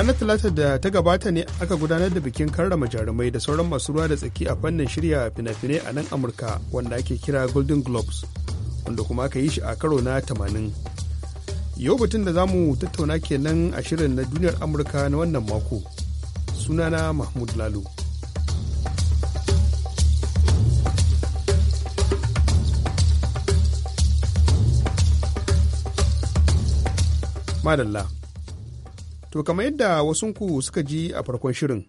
ranar talata da ta gabata ne aka gudanar da bikin karrama jarumai da sauran masu ruwa da tsaki a fannin shirya fina-finai a nan amurka wanda ake kira golden globes wanda kuma aka yi shi a karo na 80 yau batun da zamu tattauna kenan a shirin na duniyar amurka na wannan mako sunana mahmud lalu madalla To kamar yadda wasunku suka ji a farkon shirin,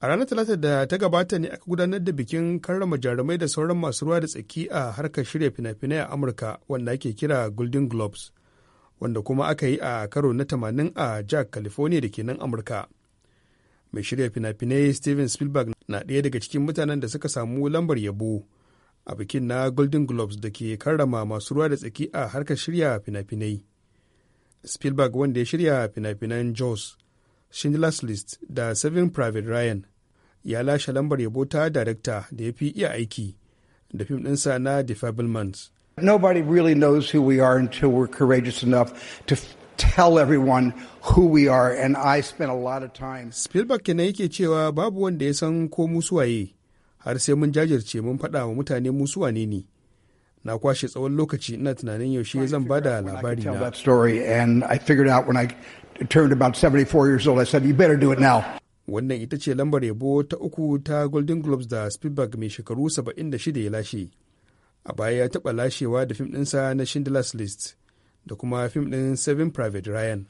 a ranar talata da ta gabata ne aka gudanar da bikin karrama jarumai da sauran masu ruwa da tsaki a harkar shirya fina-finai a Amurka wanda ake kira Golden Globes, wanda kuma aka yi a karo na tamanin a Jack, California da ke nan Amurka. Mai shirya fina-finai Steven Spielberg na ɗaya daga cikin mutanen da suka samu lambar yabo a bikin na Golden Globes da ke karrama masu ruwa da tsaki a harkar shirya fina-finai. spielberg wanda ya shirya fina-finan jaws schindler's list da saving private ryan ya lashe lambar yabo ta darakta da ya fi iya aiki da fim ɗinsa na the fablemans nobody really knows who we are until we're courageous enough to tell everyone who we are and I spent a lot of time. Spielberg kenan yake cewa babu wanda ya san ko mu suwaye har sai mun jajirce mun faɗa wa mutane mu suwane ne. na kwashe tsawon lokaci ina tunanin yaushe zan ba da labari na. Wannan ita ce lambar yabo ta uku ta Golden Globes da Spielberg mai shekaru 76 ya lashe. A baya ya taɓa lashewa da fim ɗinsa na Schindler's List da kuma fim ɗin Seven Private Ryan.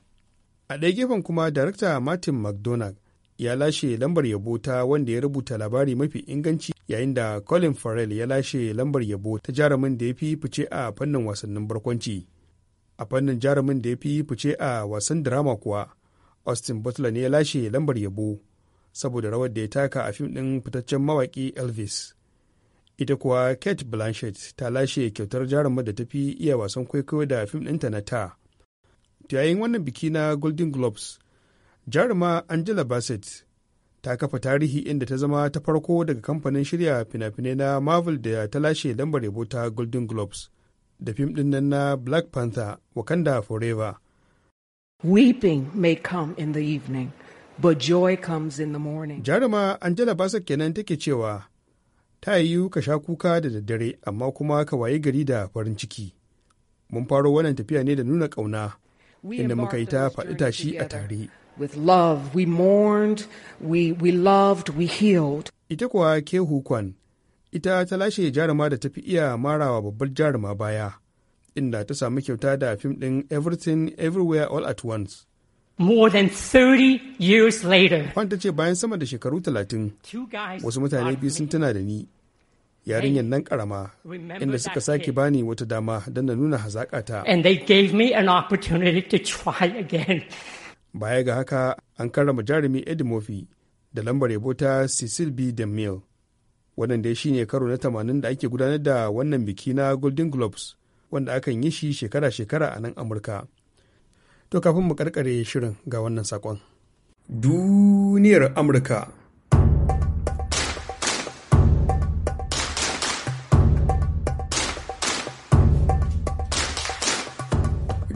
A ɗaya gefen kuma darakta Martin McDonagh ya lashe lambar yabo ta wanda ya rubuta labari mafi inganci yayin da colin farrell ya lashe lambar yabo ta jarumin da ya fi fice a fannin wasannin barkwanci a fannin jarumin da ya fi fice a wasan drama kuwa austin butler ne ya lashe lambar yabo saboda rawar da ya taka a fim ɗin fitaccen mawaƙi elvis ita kuwa kate blanchett ta lashe kyautar jarumin da ta fi iya wasan kwaikwayo da fim ɗinta na ta yayin wannan biki na golden globes jaruma angela bassett ta kafa tarihi inda ta zama ta farko daga kamfanin shirya fina-finai na marvel da ta lashe lambar rebo ta golden globes da fim din nan na black panther wakanda forever weeping may come in the evening but joy comes in the morning jaruma angela basa kenan take cewa ta yiwu ka sha kuka da daddare amma kuma ka waye gari da farin ciki mun faro wannan tafiya ne da nuna ƙauna inda muka yi ta faɗi tashi a tare With love, we mourned, we, we loved, we healed. Ita kuwa ke hukwan ita ta lashe jaruma da tafi iya marawa babbar jaruma baya, inda ta samu kyauta da fim ɗin Everything Everywhere All at Once. More than 30 years later. Kwan ta ce bayan sama da shekaru talatin, wasu mutane biyu sun tuna da ni, yarinyar nan karama inda suka sake bani wata dama don na nuna hazaƙata. And they gave me an opportunity to try again. baya ga haka an karrama jarumi eddie da lambar yabo ta cecil b demille wannan dai shine karo na tamanin da ake gudanar da wannan biki na golden globes wanda akan yi shi shekara-shekara a nan amurka to kafin mu karkare shirin ga wannan sakon duniyar amurka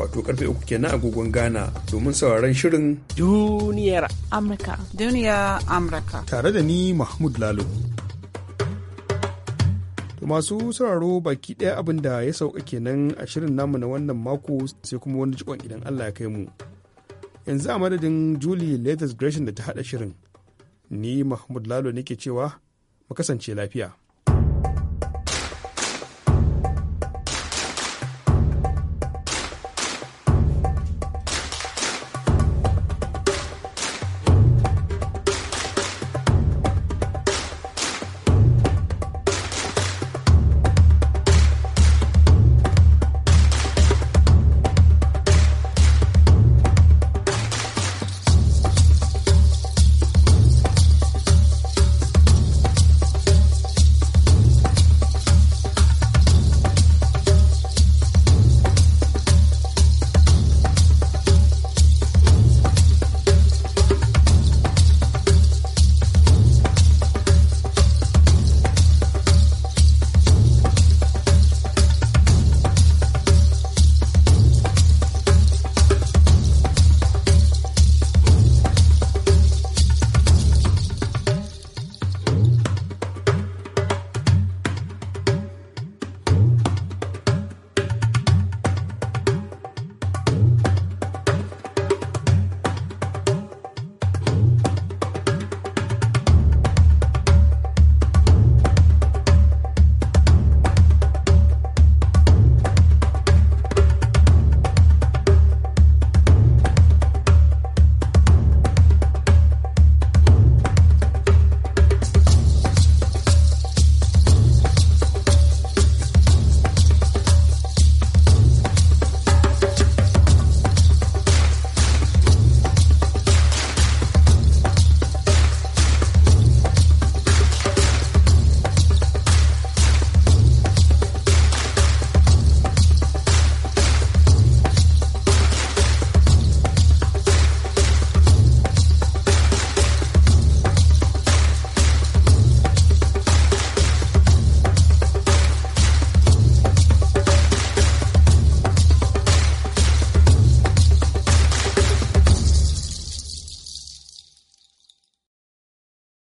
wato karfe uku kenan agogon Ghana domin sauraron shirin duniyar Amurka. duniya Amurka. Tare da ni Mahmud Lalo. masu sauraro baki ɗaya abin da ya sauka kenan a shirin namu na wannan mako sai kuma wani jikon idan Allah ya kai mu. Yanzu a madadin Julie Latest Gresham da ta haɗa shirin, ni Mahmud Lalo ke cewa mu kasance lafiya.